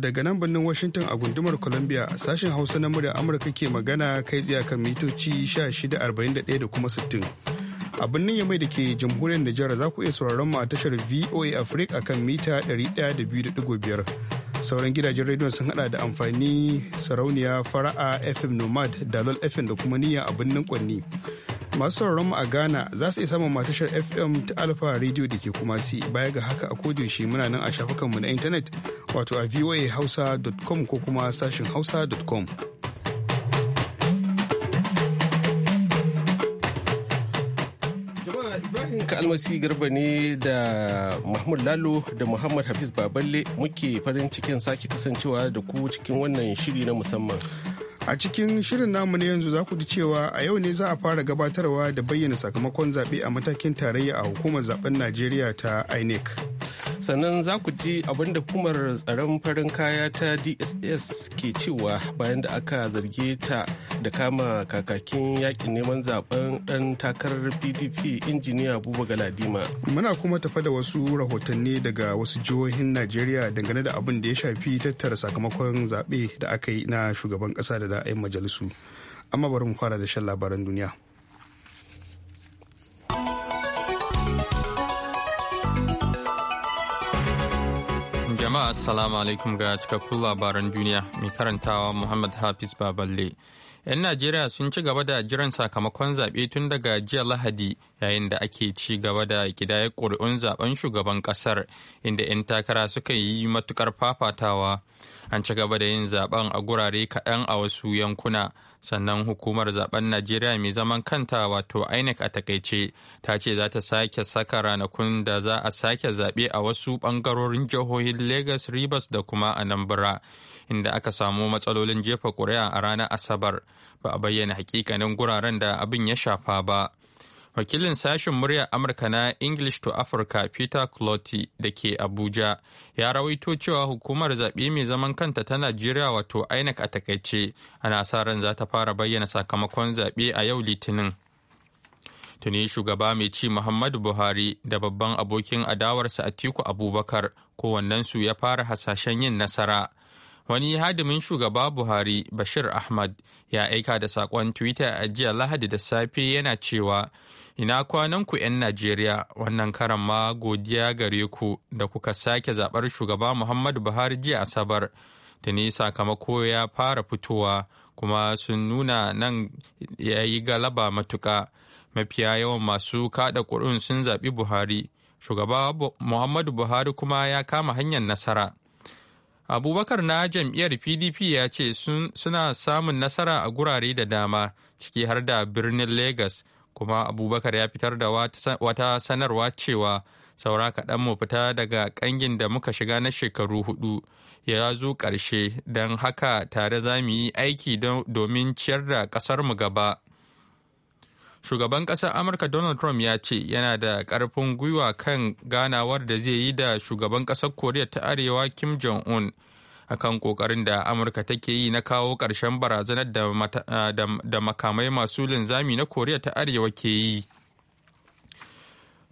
daga nan birnin washington a gundumar columbia sashen hausa na murya amurka ke magana kai tsaye kan mitoci 1641 da kuma 60 a birnin yamai da ke jamhuriyar nijar za ku iya sauraron mu a tashar voa africa akan mita 102.5 sauran gidajen rediyon sun hada da amfani sarauniya fara'a fm nomad dalol fm da kuma niyya a birnin kwanni masu sauraron mu a Ghana za su iya samun matashar FM ta Alpha Radio da ke kuma si baya ga haka a kodiyoshi muna nan a shafukanmu na intanet wato a voahausa.com ko kuma sashin hausa.com. ka almasi Garba ne da Mahmud Lalo da Muhammad Hafiz Baballe muke farin cikin sake kasancewa da ku cikin wannan shiri na musamman. A cikin shirin namu ne yanzu za ku ji cewa a yau ne za a fara gabatarwa da bayyana sakamakon zaɓe a matakin tarayya a hukumar zaben Najeriya ta INEC. sannan za ku ji abin da hukumar tsaron farin kaya ta dss ke cewa bayan da aka zarge ta da kama kakakin yakin neman zaben dan takarar pdp injiniya buba galadima muna kuma tafa da wasu rahotanni daga wasu jihohin najeriya dangane da abin da ya shafi tattara sakamakon zaɓe da aka yi na shugaban ƙasa da na majalisu amma bari mu fara da shan labaran duniya Jama'a Assalamu alaikum ga cikakkun labaran duniya mai karantawa Muhammad Hafiz Baballe. 'Yan Najeriya sun ci gaba da jiran sakamakon zaɓe tun daga jiya Lahadi yayin da ake ci gaba da kidayar ƙuri'un zaben shugaban ƙasar inda 'yan takara suka yi matukar fafatawa. an ci gaba da yin zaben a gurare kaɗan a wasu yankuna sannan hukumar zaben najeriya mai zaman kanta wato inec a takaice ta ce za ta sake saka ranakun da za a sake zaɓe a wasu ɓangarorin jihohin lagos rivers da kuma anambra inda aka samu matsalolin jefa ƙuri'a a ranar asabar ba a bayyana hakikanin guraren da abin ya shafa ba. wakilin sashen muryar amurka na english to africa peter clotty da ke abuja ya rawaito cewa hukumar zaɓe mai zaman kanta ta najeriya wato inec a takaice ana sa ran za ta fara bayyana sakamakon zaɓe a yau litinin tuni shugaba mai ci muhammadu buhari da babban abokin adawarsa atiku abubakar kowannensu ya fara hasashen yin nasara wani hadimin shugaba buhari bashir ahmad ya aika da saƙon twitter a jiya lahadi da safe yana cewa Ina kwananku 'yan Najeriya wannan karan ma godiya gare ku da kuka sake zaɓar shugaba Muhammadu Buhari jiya Asabar. Tuni sakamako ya fara fitowa kuma sun nuna nan ya yi galaba matuƙa. Mafiya yawan masu kaɗa ƙuri'un sun zaɓi Buhari. Shugaba Muhammadu Buhari kuma ya kama hanyar nasara. abubakar na jam'iyyar pdp ya ce suna samun nasara a gurare da dama ciki har da birnin lagos kuma abubakar ya fitar da wata sanarwa cewa saura kaɗan mu fita daga ƙangin da muka shiga na shekaru hudu ya zo ƙarshe don haka tare za mu yi aiki domin ciyar da mu gaba shugaban ƙasar amurka donald trump ya ce yana da ƙarfin gwiwa kan ganawar da zai yi da shugaban ƙasar koriya ta arewa kim jong-un akan kokarin da amurka take yi na kawo ƙarshen barazanar da makamai masu linzami na koriya ta arewa ke yi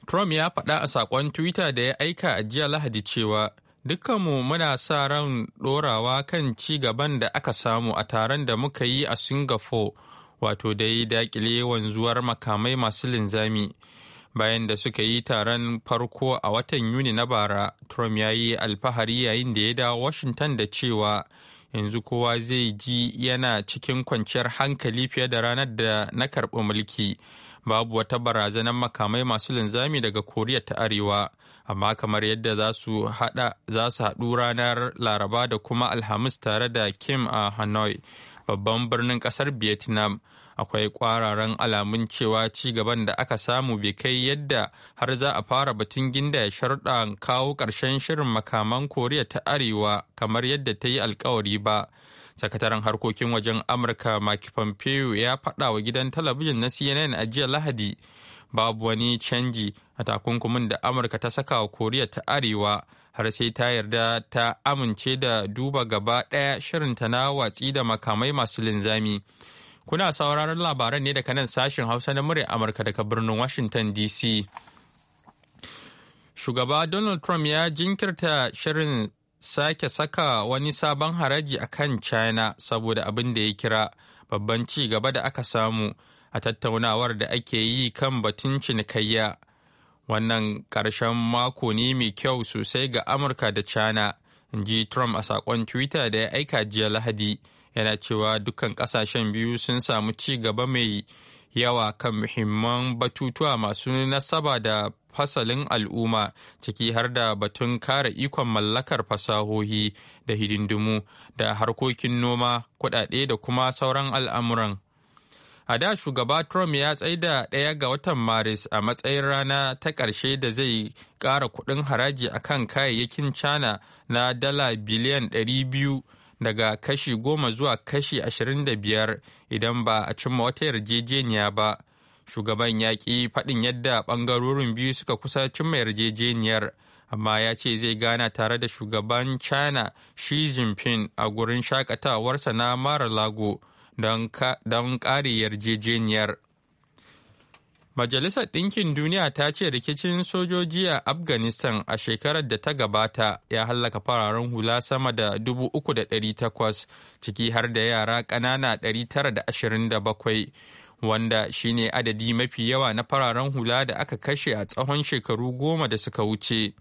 trump ya faɗa a saƙon twitter da ya aika a jiya lahadi cewa dukkanmu muna sa ran ɗorawa kan ci gaban da aka samu a taron da muka yi a singapore wato da ya daƙile wanzuwar makamai masu linzami bayan da suka yi taron farko a watan yuni na bara trump ya yi alfahari yayin da ya dawo washington da cewa yanzu kowa zai ji yana cikin kwanciyar hankali fiye da ranar da na karɓi mulki babu wata barazanar makamai masu linzami daga koriya ta arewa amma kamar yadda za su haɗu ranar laraba da kuma alhamis tare da kim a hanoi babban birnin ƙasar vietnam akwai kwararan alamun cewa ci gaban da aka samu bai kai yadda har za a fara batun ginda ya sharɗa kawo ƙarshen shirin makaman koriya ta arewa kamar yadda ta yi alkawari ba sakataren harkokin wajen amurka mike pompeo ya faɗa wa gidan talabijin na cnn a jiya lahadi babu wani canji a takunkumin da amurka ta saka wa koriya ta arewa har sai ta yarda ta amince da duba gaba ɗaya shirinta na watsi da makamai masu linzami Kuna sauraron labaran ne daga nan sashen Hausa na murya Amurka daga birnin Washington DC. Shugaba Donald Trump ya jinkirta shirin sake saka wani sabon haraji a kan China saboda abin da ya kira babban ci gaba da aka samu a tattaunawar da ake yi kan batun cinikayya. Wannan ƙarshen mako ne mai kyau sosai ga Amurka da China, in ji Trump a saƙon Twitter da ya aika jiya Lahadi. yana cewa dukkan kasashen biyu sun samu ci gaba mai yawa kan muhimman batutuwa masu nasaba da fasalin al'umma ciki har da batun kare ikon mallakar fasahohi da hidindimu da harkokin noma kudade da kuma sauran al'amuran a da shugaba trump ya da ɗaya ga watan maris a matsayin rana ta ƙarshe da zai ƙara kuɗin haraji akan kayayyakin china na dala biliyan 200 daga kashi goma zuwa kashi ashirin da biyar idan ba a cimma wata yarjejeniya ba shugaban ya ƙi faɗin yadda ɓangarorin biyu suka kusa cimma yarjejeniyar amma ya ce zai gana tare da shugaban china xi jinping a gurin shakatawarsa na mara lago don ƙare yarjejeniyar Majalisar Ɗinkin Duniya ta ce rikicin sojoji a Afghanistan a shekarar da ta gabata ya hallaka fararen hula sama da 3,800 ciki har da yara ƙanana 927 wanda shine adadi mafi yawa na fararen hula da aka kashe a tsawon shekaru goma da suka wuce.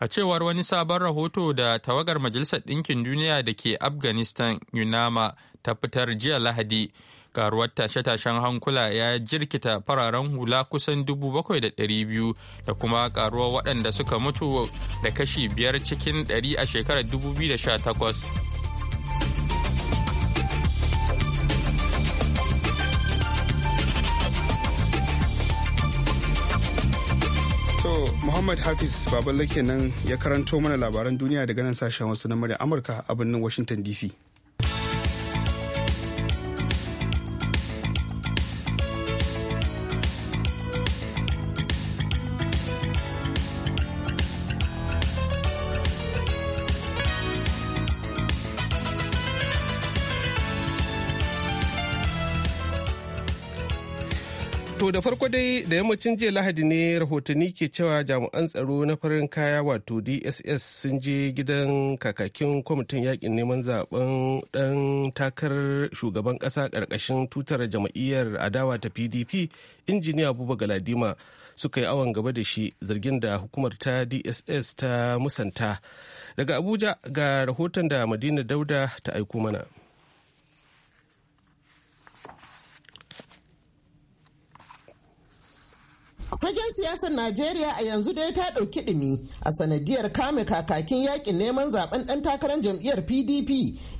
A cewar wani sabon rahoto da tawagar Majalisar Ɗinkin Duniya da ke Afghanistan UNAMA ta fitar jiya Lahadi. karuwar tashe-tashen hankula ya jirkita fararen hula kusan 7,200 da biyu da kuma karuwar waɗanda suka mutu da kashi biyar cikin 100 a shekarar 2018 Muhammad Hafiz Babalake nan ya karanto mana labaran duniya daga nan sashen wasu na murya Amurka a birnin Washington DC. da farko dai da yammacin jiya lahadi ne rahotanni ke cewa jami'an tsaro na farin kaya wato dss sun je gidan kakakin kwamitin yakin neman zaben dan takar shugaban kasa karkashin tutar jama'iyyar adawa ta pdp injiniya abubuwa galadima suka yi awon gaba da shi zargin da hukumar ta dss ta musanta daga abuja ga rahoton da madina dauda ta aiko mana. Fajen siyasar najeriya a yanzu dai ta ɗauki ɗumi a sanadiyar kame kakakin yakin neman zaben ɗan takarar jam'iyyar pdp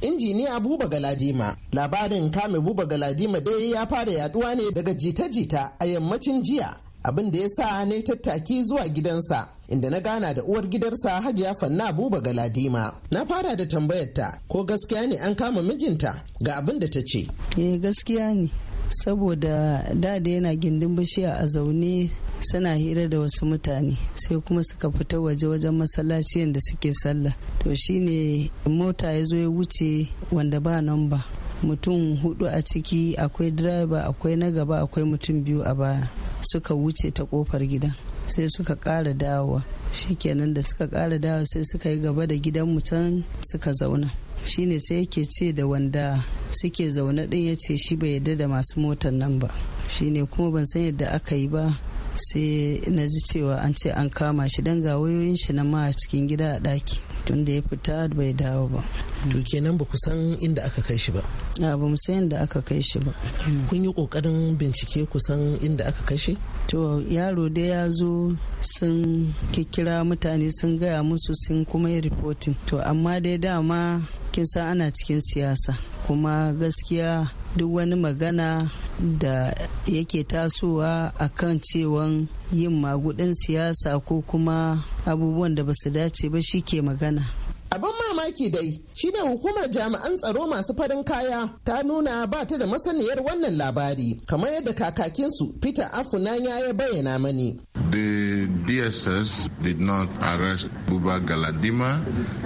injiniya buba galadima labarin kame buba galadima dai ya fara yaduwa ne daga jita-jita a yammacin jiya abin da ya sa ne tattaki zuwa gidansa inda na gana da uwar gidarsa hajiya fanna Buba galadima na fara da tambayarta ko gaskiya ne an kama mijinta ga abin da ta ce eh, gaskiya ne saboda da yana gindin bishiya a zaune suna hira da wasu mutane sai kuma suka fita waje wajen masallacin da suke sallah to shine mota ya zo ya wuce wanda ba nan ba mutum hudu a ciki akwai direba akwai na gaba akwai mutum biyu a baya suka wuce ta kofar gidan sai suka ƙara dawowa shikenan da suka kara dawowa sai suka yi gaba da gidan mutum suka zauna shine sai yake ce da wanda suke zaune ɗin ya ce shi bai yarda da masu motar nan ba shine kuma ban san yadda aka yi ba sai na ji cewa an ce an kama shi don ga wayoyin shi na ma a cikin gida a ɗaki tun da ya fita bai dawo ba to kenan ba ku san inda aka kai shi ba a ba mu san inda aka kai shi ba kun yi kokarin bincike ku san inda aka kai shi to yaro da ya zo sun kikkira mutane sun gaya musu sun kuma yi reporting to amma dai dama kin san ana cikin siyasa kuma gaskiya duk wani magana da yake tasowa akan cewan yin magudin siyasa ko kuma abubuwan da ba su dace ba shi ke magana abin mamaki dai shine hukumar jami'an tsaro masu farin kaya ta nuna ba ta da masaniyar wannan labari kamar yadda kakakinsu peter afunanya ya bayyana mani DSS did not arrest Buba Galadima.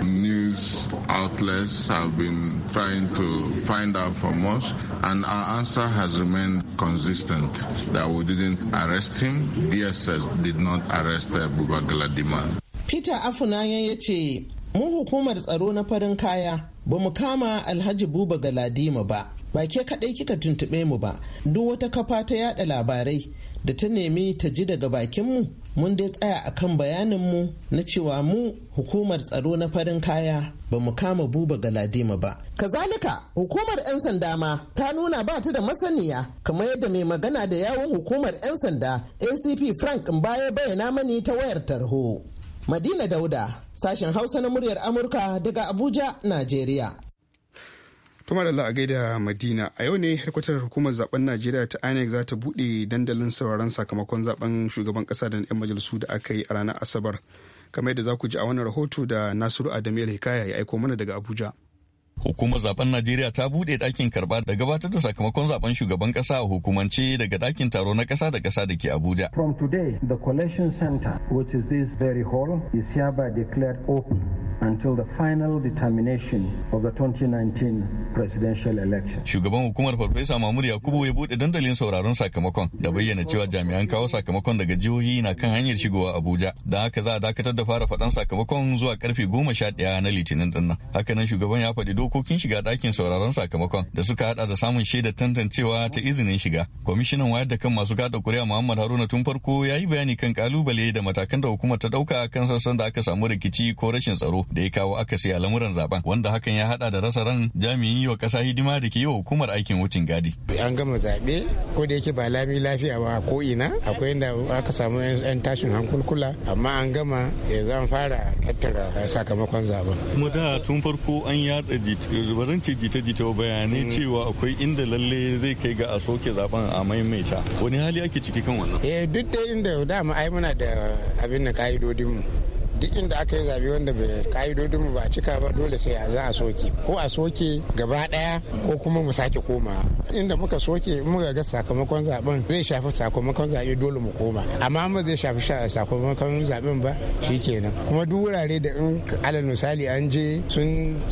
News outlets have been trying to find out from us, and our answer has remained consistent that we didn't arrest him. DSS did not arrest uh, Buba Galadima. Peter Afunayan ce, Mu hukumar tsaro na farin kaya, ba mu kama Alhaji Buba Galadima ba. ba ke kaɗai kika tuntuɓe mu ba duk wata kafa ta yada labarai da ta nemi ta ji daga bakin mu mun dai tsaya a kan mu na cewa mu hukumar tsaro na farin kaya ba mu kama buba galadima ba. Kazalika hukumar 'yan sanda ma ta nuna ba ta da masaniya kamar yadda mai magana da yawun hukumar 'yan sanda ACP Frank in baya bayyana mani ta wayar tarho. Madina Dauda, sashen Hausa na muryar Amurka daga Abuja, Najeriya. kuma da Allah a gaida Madina a yau ne harkwatar hukumar zaben Najeriya ta INEC za ta buɗe dandalin sauraron sakamakon zaben shugaban ƙasa da 'yan majalisu da aka yi a ranar Asabar kamar yadda za ku ji a wannan rahoto da Nasiru Adamu Hikaya ya aiko mana daga Abuja. Hukumar zaben Najeriya ta buɗe dakin karba da gabatar da sakamakon zaben shugaban kasa a hukumance daga dakin taro na kasa da kasa da ke Abuja. From today, the collection center, which is this very hall, is hereby declared open until the final determination of the 2019 presidential election. Shugaban hukumar Farfesa Mamur Yakubu ya buɗe dandalin sauraron sakamakon da bayyana cewa jami'an kawo sakamakon daga jihohi na kan hanyar shigowa Abuja. Da haka za a dakatar da fara faɗan sakamakon zuwa karfe goma sha ɗaya na Litinin dinnan Hakanan shugaban ya faɗi dokokin shiga ɗakin sauraron sakamakon da suka hada da samun shaidar tantancewa ta izinin shiga. Kwamishinan wayar da kan masu kada kuri'a Muhammad Haruna tun farko ya yi bayani kan kalubale da matakan da hukumar ta ɗauka kan sassan da aka samu rikici ko rashin tsaro da ya kawo akasi a lamuran zaben wanda hakan ya hada da rasa ran jami'in yi wa ƙasa hidima da ke yi wa hukumar aikin wucin gadi. An gama zaɓe ko da yake ba lami lafiya ba ko ina akwai inda aka samu 'yan tashin hankulkula amma an gama yanzu an fara tattara sakamakon zaben. Kuma da tun farko an yaɗa barin ce jita-jita bayanai mm. cewa akwai inda lalle zai kai ga a soke zaben a maimaita wani hali ake ciki kan wannan eh duk da inda dama ai muna da abin na ka'idodin mu duk inda aka yi zabe wanda bai ka'idodin mu ba cika ba dole sai a za a soke ko a soke gaba daya ko kuma mu sake koma inda muka soke muka ga sakamakon zaben zai shafi sakamakon zabe dole mu koma amma mu zai shafi sakamakon zaben ba shikenan kuma duk wurare da in alal misali an je sun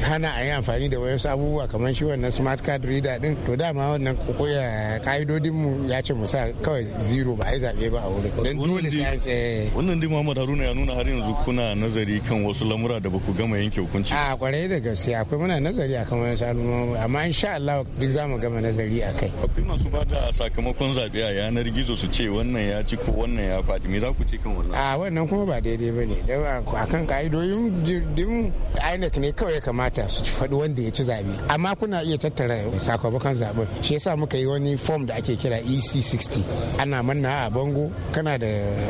hana a yi amfani da wayansu abubuwa kamar shi wannan smart card reader din to dama wannan koya ka'idodin mu ya ce mu sa kawai zero ba a yi zabe ba a wurin don dole sai eh. wannan dai Muhammad Haruna ya nuna har yanzu kuna nazari kan wasu lamura da baku gama yanke hukunci a kware da gaske akwai muna nazari akan wani salmomi amma insha Allah duk za mu gama nazari akai akwai masu ba da sakamakon zabe a yanar gizo su ce wannan ya ci ko wannan ya faɗi me za ku ce kan wannan a wannan kuma ba daidai bane dan akan ka'idoyin dim INEC ne kawai kamata su faɗi wanda ya ci zabe amma kuna iya tattara sakamakon zaben shi yasa muka yi wani form da ake kira EC60 ana manna a bango kana da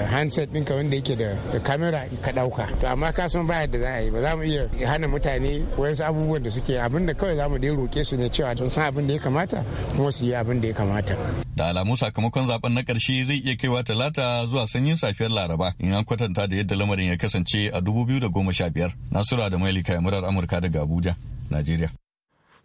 handset ɗinka wanda yake da kamera ka ɗauka dauka to amma kasan san da za a yi ba za mu iya hana mutane wayansu abubuwan da suke abin da kawai za mu dai roke su ne cewa sun san abin da ya kamata kuma su yi abin da ya kamata da alamu sakamakon zaben na karshe zai iya kaiwa talata zuwa sanyin safiyar laraba in an kwatanta da yadda lamarin ya kasance a 2015 nasura da mailika murar amurka daga abuja najeriya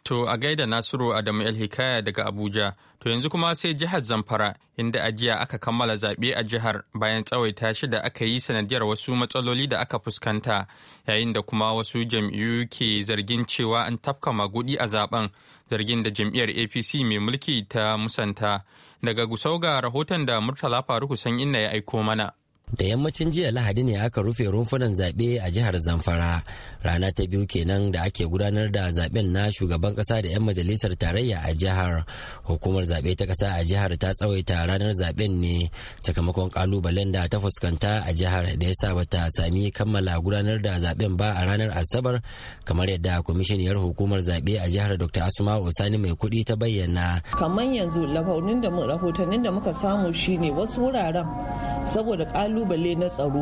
To a gaida Nasiru Adamu El Hikaya daga Abuja, to yanzu kuma sai jihar Zamfara inda ajiya aka kammala zaɓe a jihar bayan tsawaita shi da aka yi sanadiyar wasu matsaloli da aka fuskanta yayin da kuma wasu jam'iyyu ke zargin cewa an tafka magudi a zaben zargin da jam'iyyar APC mai mulki ta musanta. Daga Gusau ga rahoton da Murtala Faruku San inna ya aiko mana. da yammacin jiya lahadi ne aka rufe rumfunan zaɓe a jihar zamfara rana ta biyu kenan da ake gudanar da zaɓen na shugaban ƙasa da 'yan majalisar tarayya a jihar hukumar zaɓe ta ƙasa a jihar ta tsawaita ranar zaɓen ne sakamakon ƙalubalen da ta fuskanta a jihar da ya sa bata sami kammala gudanar da zaɓen ba a ranar asabar kamar yadda kwamishiniyar hukumar zaɓe a jihar dr asuma usani mai kuɗi ta bayyana kamar yanzu rahotannin da muka samu shine wasu wuraren saboda ƙalu kalubale na tsaro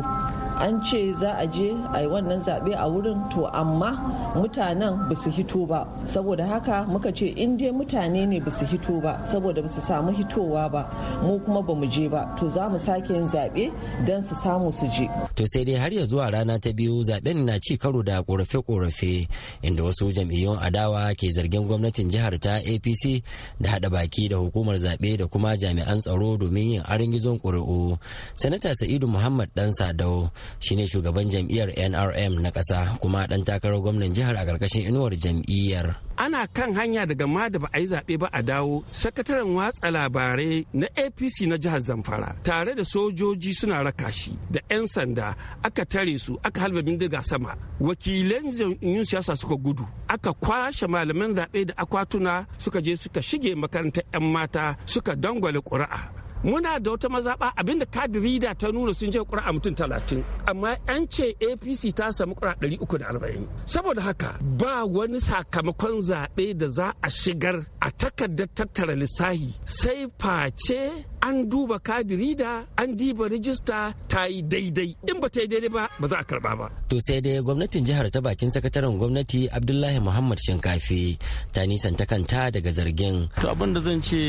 an ce za a je a yi wannan zaɓe a wurin to amma mutanen ba su hito ba saboda haka muka ce in dai mutane ne ba su hito ba saboda ba su samu hitowa ba mu kuma ba mu je ba to za mu sake yin zaɓe don su samu su je. to sai dai har ya zuwa rana ta biyu zaɓen na ci karo da ƙorafe-ƙorafe inda wasu jam'iyyun adawa ke zargin gwamnatin jihar ta apc da haɗa baki da hukumar zaɓe da kuma jami'an tsaro domin yin gizon ƙuri'u sanata sa'idu muhammad dan sadau shine shugaban jam'iyyar nrm na ƙasa kuma ɗan takarar gwamnan jihar a ƙarƙashin inuwar jam'iyyar ana kan hanya daga ma da ba a yi zaɓe ba a dawo sakataren watsa labarai na apc na jihar zamfara tare da sojoji suna raka shi da 'yan sanda aka tare su aka halba bindiga sama wakilan jam'iyyun siyasa suka gudu aka kwashe malaman zaɓe da akwatuna suka je suka shige makarantar 'yan mata suka dangwale ƙuri'a muna da wata mazaɓa abinda kadirida ta nuna sun je ƙura mutum talatin amma an ce apc ta samu ƙura ɗari uku da arba'in saboda haka ba wani sakamakon zaɓe da za a shigar a takardar tattara lissahi sai face an duba kadiri da an diba rijista ta yi daidai in ba ta yi daidai ba ba za a karba ba to sai dai gwamnatin jihar ta bakin sakataren gwamnati abdullahi muhammad shinkafi ta ta kanta daga zargin to abin da zan ce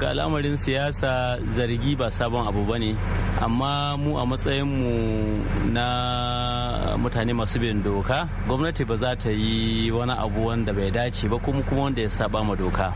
ga al'amarin siyasa zargi ba sabon abu ba ne amma mu a matsayin mu na mutane masu bin doka gwamnati ba za ta yi wani abu wanda bai dace ba kuma kuma wanda ya saba ma doka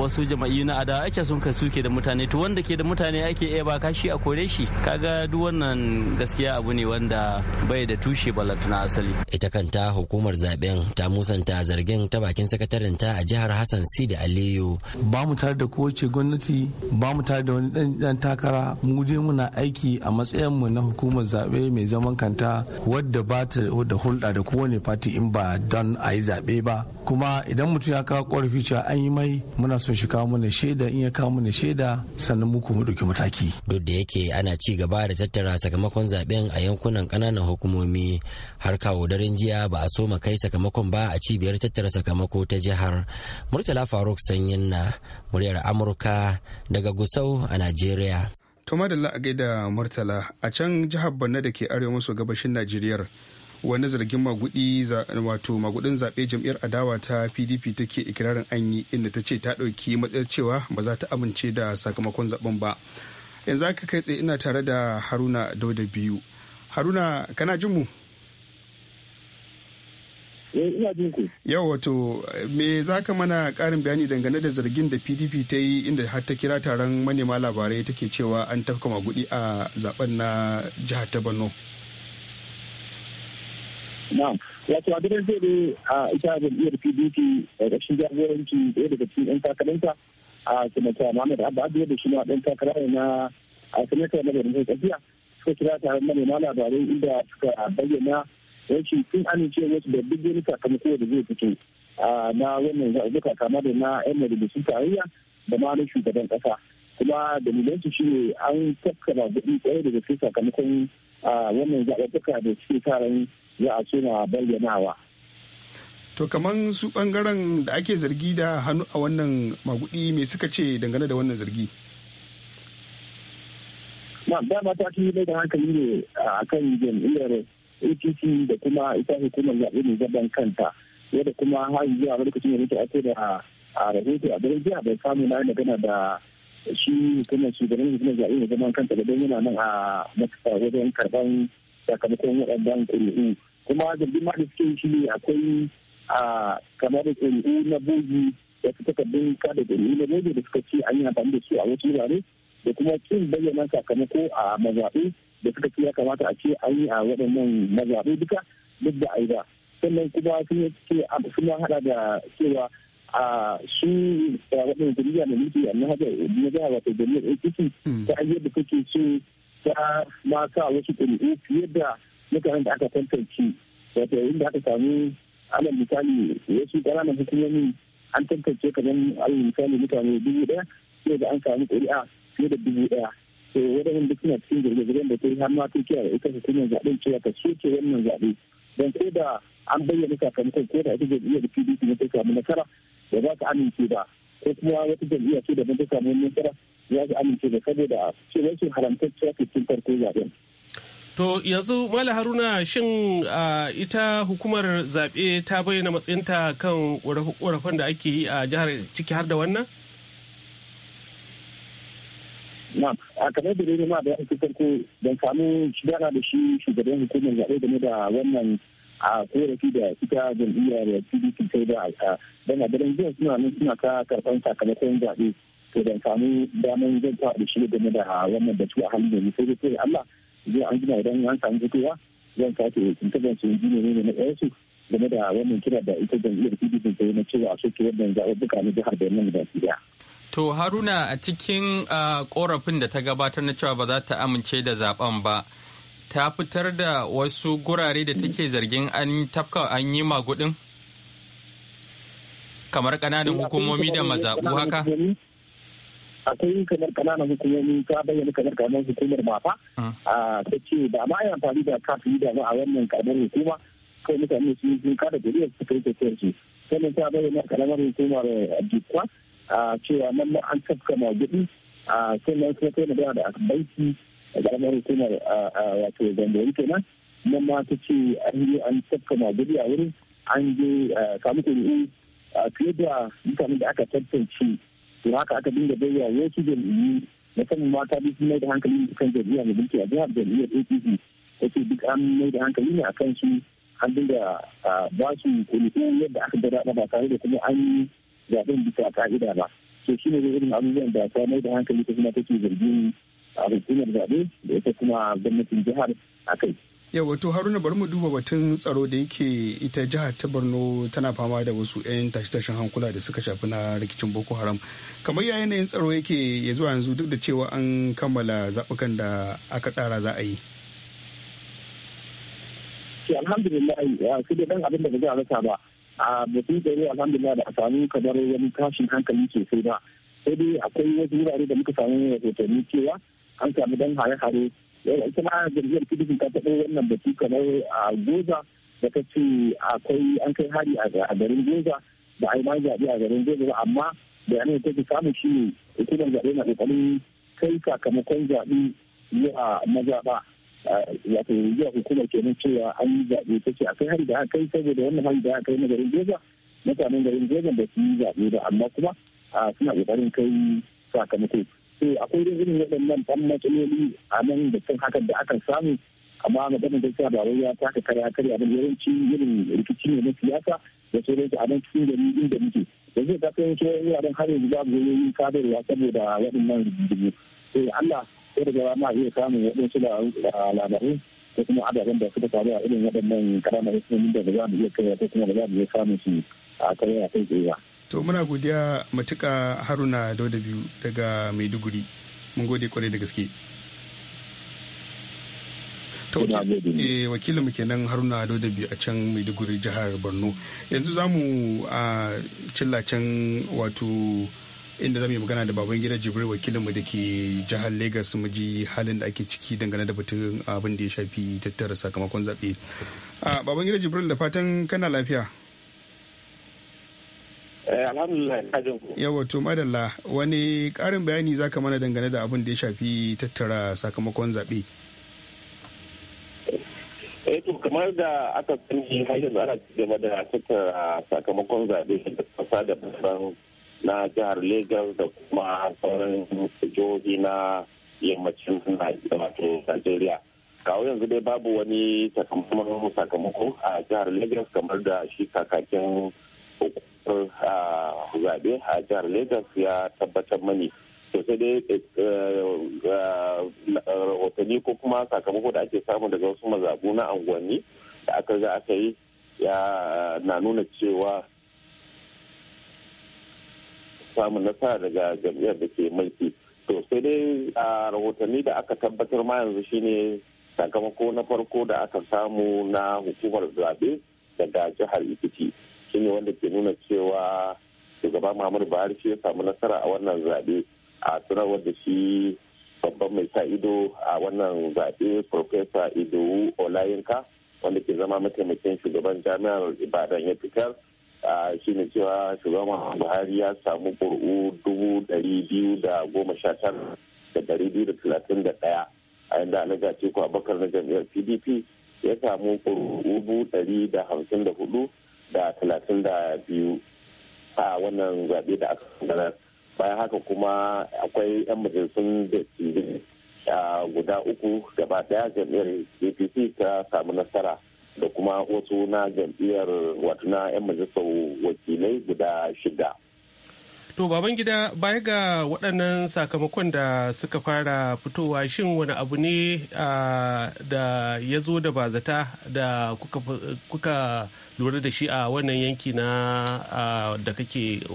wasu jama'i na adawa ake sun kai suke da mutane to wanda ke da mutane ake iya ba kashi a kore shi kaga duk wannan gaskiya abu ne wanda bai da tushe na asali ita kanta hukumar zaben ta musanta zargin ta bakin sakataren ta a jihar Hassan Sidi Aliyu ba mu tare da kowace gwamnati ba mu tare da wani dan takara mu je muna aiki a matsayin mu na hukumar zabe mai zaman kanta wadda ba ta da hulɗa da kowane fati in ba don a yi zabe ba kuma idan mutum ya kawo ƙorafi cewa an yi mai muna so shi kawo mana shaida in ya kawo mana shaida shaida sannan mu kuma ɗauki mataki. Duk da yake ana ci gaba da tattara sakamakon zaben a yankunan ƙananan hukumomi har kawo daren jiya ba a soma kai sakamakon ba a cibiyar tattara sakamako ta jihar. Murtala Faruk Sanyin na muryar Amurka daga Gusau a Najeriya. To madalla a gaida Murtala a can jihar Borno da ke arewa maso gabashin Najeriya wani zargin wato magudin zaɓe jam'iyyar adawa ta pdp take ikirarin an yi inda ta ce ta ɗauki matsayar cewa ba za ta amince da sakamakon zaben ba yanzu aka kai tsaye ina tare da haruna dauda biyu haruna kana jin mu eh, yau wato me za ka mana karin bayani dangane da zargin da pdp ta yi inda har ta kira taron manema labarai take cewa an tafka magudi a zaben na jihar ta borno na'am wato a zai ne a ita jam'iyyar pdp a ƙarshen jagoranci ɗaya daga cikin 'yan takaranta a Sinata muhammad abba da shi ma ɗan takara na a Sinata na garin tsakiya suka kira taron manema labarai inda suka bayyana yake tun amincewa wasu da duk wani sakamako da zai fito na wannan zaɓuɓɓuka kama da na 'yan majalisun tarayya da ma na shugaban ƙasa kuma dalilansu shi ne an tattara kuɗi ɗaya daga cikin sakamakon wannan zaɓuɓɓuka da suke karin za a suna bayyanawa. To kaman su ɓangaren da ake zargi da hannu a wannan magudi mai suka ce dangane da wannan zargi? Na dama ta fi mai da hankali ne a kan jam'iyyar APC da kuma ita hukumar zaɓe mai zaɓen kanta. Yadda kuma har zuwa lokacin da nake ake da a rahoto a daren jiya bai samu na magana da shi hukumar da nan zaɓe mai zaman kanta da don yana nan a wajen karɓar sakamakon waɗannan ƙuri'u kuma da bi da suke shi ne akwai kamar ƙuri'u na bogi da su takardun kada ƙuri'u na bogi da suka ce an yi amfani da su a wasu wurare da kuma kin bayyana sakamako a mazaɓe da suka ce ya kamata a ce an yi a waɗannan mazaɓe duka duk da aida sannan kuma sun suna haɗa da cewa a su waɗanda jam'iyyar da a na haɗa na jihar wata jam'iyyar APC hmm. ta ayyar da kake so ta ma sa wasu ƙuri'u fiye da mutanen da aka tantance Wata yayin da aka samu alal misali wasu ƙananan hukumomi an tantance kamar alal misali mutane dubu ɗaya fiye da an samu ƙuri'a fiye da dubu ɗaya to wadannan duk suna cikin jirgin da ta yi har ma ta kiyaye ita hukumar zaɓen cewa ta soke wannan zaɓe don ko da an bayyana sakamakon ko da ita jam'iyyar pdp na ta samu nasara ba za ka amince ba ko kuma wata jam'iyya ce da ta samu nasara za ka amince ba saboda ce wasu haramtacciya ke cin farko zaɓen. To yanzu Mala Haruna shin ita hukumar zaɓe ta bayyana matsayinta kan ƙorafin da ake yi a jihar ciki har da wannan? na a da da ma da ake farko don samu shigara da shi shugaban hukumar zaɓe game da wannan a korafi da ita jam'iyyar pdp sai da a dana da jiya suna nan suna ka karɓar sakamakon zaɓe to da samu damar zan ta da shi game da wannan batu a halin yanzu sai dai Allah zai an gina idan an samu fitowa zan sake tuntuɓar su inji ne na ɗayansu game da wannan kira da ita jam'iyyar pdp sai na cewa a soke wannan zaɓuɓɓuka na jihar da nan da To Haruna a cikin korafin da ta gabatar na cewa ba za ta amince da zaben ba, ta fitar da wasu gurare da take zargin an tafka an yi magudin kamar kananan hukumomi da mazaɓu haka? akwai kamar kananan hukumomi ta bayyana kamar kamar hukumar mafa ah. ta ce da ma yi amfani da kafin yi damu a wannan karamar hukuma kai mutane su yi kada guriyar su kai tafiyar su sannan ta bayyana karamar hukumar jikwa eh, cewa nan an tafka magudi sannan sai kai da banki karamar hukumar wato zambayi kenan nan ma ta ce an yi an tafka magudi a wurin an je samu kuri'u fiye da mutanen da aka tantance to haka aka dinga bayyana wasu jam'iyyu na mata duk mai da hankali kan jam'iyya mai mulki a jihar jam'iyyar apc ta ce duk an mai da hankali ne a kan su an dinga ba su kuri'u yadda aka gada ba tare da kuma an yi zaben bisa ka'ida ba to shi ne irin abubuwan da ta mai da hankali ta kuma take zargin a hukumar zaɓe da ita kuma gwamnatin jihar a kai. yawa to haruna bari mu duba batun tsaro da yake ita jihar ta borno tana fama da wasu 'yan tashe-tashen hankula da suka shafi na rikicin boko haram kamar ya yanayin tsaro yake ya zuwa yanzu duk da cewa an kammala zaɓukan da aka tsara za a yi alhamdulillah su da ɗan abin da ba za a rasa ba a batun tsaro alhamdulillah da a samu kamar wani tashin hankali ke sai ba sai dai akwai wasu wurare da muka samu rahotanni cewa an sami dan hare-hare ita ma jirgin pdp ta taɓa wannan batu kamar a goza da ta ce akwai an kai hari a garin goza da ai ma zaɓe a garin goza ba amma da da take samun shi ne hukumar zaɓe na ƙoƙarin kai sakamakon zaɓe zuwa mazaɓa wato zuwa hukumar nan cewa an yi zaɓe ta ce akwai hari da aka kai saboda wannan hari da aka kai na garin goza mutanen garin goza ba su yi zaɓe ba amma kuma suna ƙoƙarin kai sakamako to eh, akwai irin waɗannan ɗan matsaloli a nan da kan hakan da aka samu amma maganar da ta wai ya taka karya karya ba yawanci irin rikici ne na siyasa da sauransu a nan cikin gari inda muke da zai ta kai ke wuraren har yanzu babu yin kadarwa saboda waɗannan rubutu to eh, Allah sai daga ma iya samun waɗansu labarai ko kuma a da suka faru a irin waɗannan karamar hukumomin da ba za mu iya kai ko kuma ba za mu iya samun su a kare a kai tsaye to muna godiya matuka haruna dauda biyu daga maiduguri mun gode kwarai da gaske e, wakilinmu kenan haruna da biyu a can maiduguri jihar borno yanzu za mu a can wato inda za mu yi magana da baban gida jibril wakilinmu da ke jihar Legas mu ji halin da ake ciki dangane da batun abin da ya shafi tattara sakamakon zaɓe baban gida jibril da fatan kana lafiya Eh, alhamdulillah yawa to madalla wani karin bayani za ka mana dangane da abin da ya shafi tattara sakamakon zaɓe eh to kamar da aka sani har yanzu ana gaba da tattara sakamakon zaɓe da kasa da kusan na jihar lagos da kuma sauran jihohi na yammacin wato nigeria kawo yanzu dai babu wani sakamakon sakamako a jihar lagos kamar da shi kakakin sakamakon zaɓe a jihar Legas ya tabbatar mani. to sai dai eh, eh, rahotanni ko kuma sakamako da ake samu daga wasu mazabu na unguwanni da aka ga aka yi ya na nuna cewa samun nasara daga jam'iyyar da ke mulki to sai dai a rahotanni da aka tabbatar ma yanzu shine sakamako na farko da aka samu na hukumar zaɓe daga jihar ikiti shine wanda ke nuna cewa shugaba muhammadu buhari shi ya samu nasara a wannan zaɓe a sanarwar da shi babban mai sa ido a wannan zaɓe profesa idowu olayinka wanda ke zama mataimakin shugaban jami'ar ibadan ya fitar shine cewa shugaban buhari ya samu ƙuri'u dubu ɗari biyu da goma sha tara da ɗari biyu da talatin da ɗaya a yanda alhaji atiku abubakar na jam'iyyar pdp ya samu ƙuri'u dubu ɗari da hamsin da hudu da talatin da biyu a wannan zaɓe da aka gudanar bayan haka kuma akwai 'yan majalisun da a guda uku gaba daya jam'iyyar apc ta samu nasara da kuma wasu na jam'iyyar wato na 'yan majalisar wakilai guda shida To Babangida gida baya ga waɗannan sakamakon da suka fara fitowa shin wani abu ne da ya zo da bazata da kuka lura da shi a wannan yanki na da kake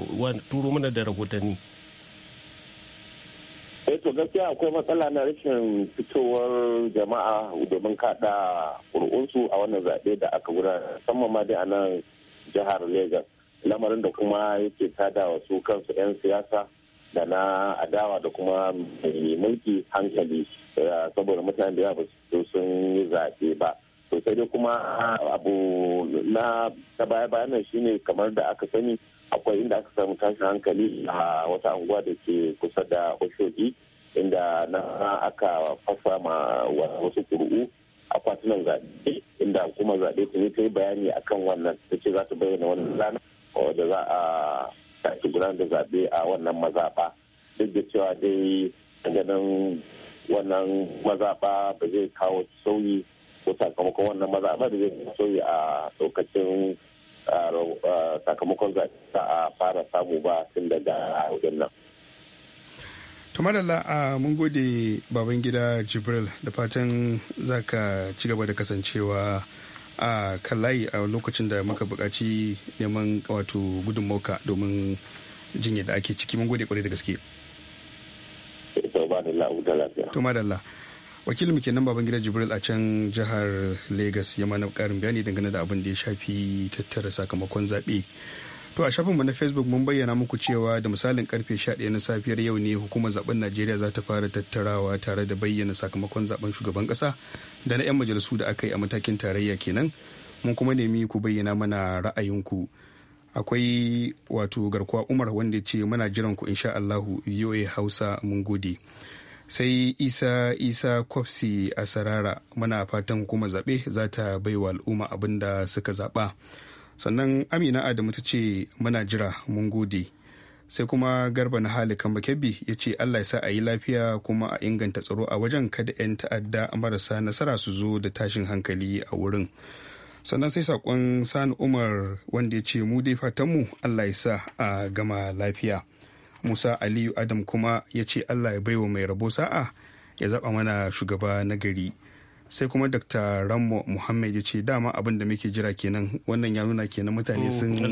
turo mana da rahotanni? Eh, to gaskiya akwai matsala na rashin fitowar jama'a domin kaɗa ƙuri'unsu a wannan zaɓe da aka gudanar musamman ma dai a nan jihar Legas. lamarin da kuma yake tada wa su kansu 'yan siyasa da na adawa da kuma mai mulki hankali saboda mutane da yawa sun yi zaɓe ba sosai sai dai kuma abu na ta baya bayan shi shine kamar da aka sani akwai inda aka samu tashin hankali a wata anguwa da ke kusa da Oshodi inda na aka fasa ma wasu kuru'u akwatunan zaɓe inda kuma zaɓe ta yi bayani akan wannan ta ce za ta bayyana wannan rana wanda za a sake gudanar da zaɓe a wannan mazaɓa duk da cewa dai ganin wannan mazaɓa ba zai kawo sauyi ko sakamakon wannan mazaɓa da zai sauyi a lokacin sakamakon zaɓe a fara samu ba tun daga wajen nan. tumarala a mun gode baban gida jibril da fatan za ka ci gaba da kasancewa a kan layi a lokacin da muka bukaci neman wato gudunmauka domin jin yadda ake ciki mun gode kwarai da gaske. To madalla. Wakilin mu kenan baban gida Jibril a can jihar Legas ya mana karin bayani dangane da abin da ya shafi tattara sakamakon zaɓe. To a shafinmu na Facebook mun bayyana muku cewa da misalin karfe 11 na safiyar yau ne hukumar zaben Najeriya za ta fara tattarawa tare da bayyana sakamakon zaben shugaban kasa da na 'yan majalisu da aka yi a matakin tarayya kenan. Mun kuma nemi ku bayyana mana ra'ayinku. Akwai wato garkuwa Umar wanda ce muna jiran ku insha Allahu VOA Hausa mun gode. sai isa isa kwafsi a sarara muna fatan hukumar zaɓe za ta baiwa al'umma abin da suka zaɓa sannan amina adamu ta ce muna jira mun gode sai kuma garba na hali makebbi ya ce allah ya sa a yi lafiya kuma a inganta tsaro a wajen kada 'yan ta'adda marasa nasara su zo da tashin hankali a wurin sannan sai saƙon sani umar wanda ya ce mu dai fatanmu allah ya sa a gama lafiya musa aliyu adam kuma ya ce allah ya baiwa mai rabo sa'a ya zaba mana shugaba nagari. sai kuma dr rammo muhammed ya ce dama abin da muke jira kenan wannan ya nuna kenan mutane oh, sun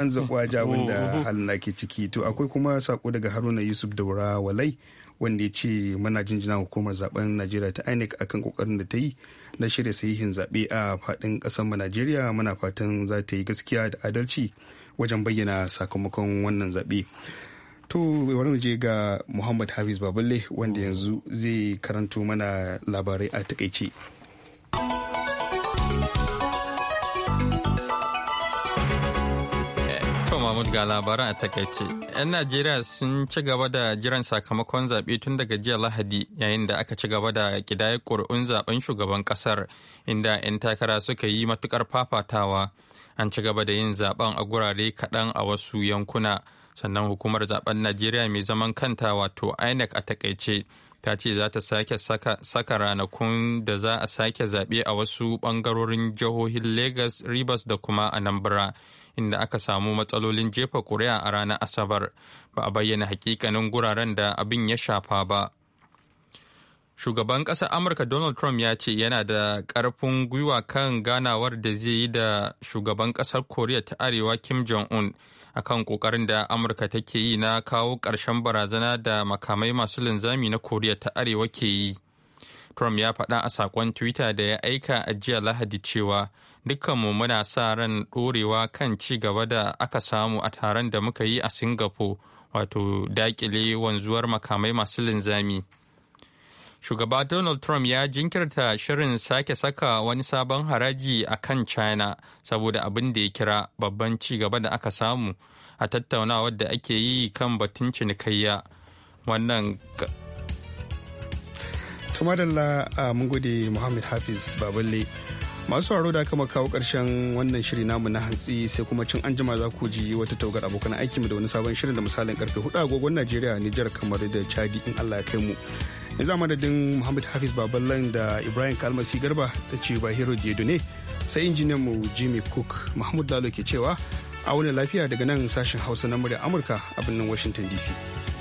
an zaɓa jawon da oh. halin ke ciki to akwai kuma sako daga haruna yusuf daura walai wanda ya ce muna jinjina hukumar zaben najeriya ta inec akan kokarin da ta yi na shirya sahihin zaɓe a faɗin ƙasar mu najeriya muna fatan za ta yi gaskiya da adalci wajen bayyana sakamakon wannan zaɓe to wani mu je ga muhammad hafiz baballe wanda yanzu zai karanto mana labarai a takaice. Mahmud ga labaran a takaice. 'Yan Najeriya sun ci gaba da jiran sakamakon zaɓe tun daga jiya Lahadi yayin da aka ci gaba da kidayar ƙuri'un zaɓen shugaban ƙasar inda 'yan takara suka yi matukar fafatawa. An ci gaba da yin zaɓen a gurare kaɗan a wasu yankuna. Sannan hukumar zaɓen Najeriya mai zaman kanta wato INEC a takaice ta ce za ta sake saka ranakun da za a sake zaɓe a wasu ɓangarorin jihohin Lagos, Rivers da kuma Anambra. inda aka samu matsalolin jefa kuri'a a ranar asabar ba a bayyana hakikanin guraren da abin ya shafa ba shugaban ƙasar amurka donald trump ya ce yana da ƙarfin gwiwa kan ganawar da zai yi da shugaban ƙasar koriya ta arewa kim jong-un akan ƙoƙarin da amurka take yi na kawo ƙarshen barazana da makamai masu linzami na koriya ta arewa ke yi trump ya faɗa a saƙon twitter da ya aika a jiya lahadi cewa dukkanmu muna sa ran ɗorewa kan ci gaba da aka samu a taron da muka yi a singapore wato dakile wanzuwar makamai masu linzami shugaba donald trump ya jinkirta shirin sake saka wani sabon haraji a kan china saboda abin da ya kira babban ci gaba da aka samu a tattaunawar da ake yi kan batun cinikayya wannan tumadalla ah, mun gode muhammad hafiz baballe masu haro da aka kawo karshen wannan shiri namu na hantsi sai kuma cin anjima za ku ji wata taugar abokan aikinmu da wani sabon shirin da misalin karfe hudu agogon najeriya nijar kamar da chadi in allah ya kai mu yanzu a madadin muhammad hafiz babalan da ibrahim kalmasi garba da ce bahiro ne sai injiniyan mu jimmy cook mahmud lalo ke cewa a wani lafiya daga nan sashen hausa na murya amurka a birnin washington dc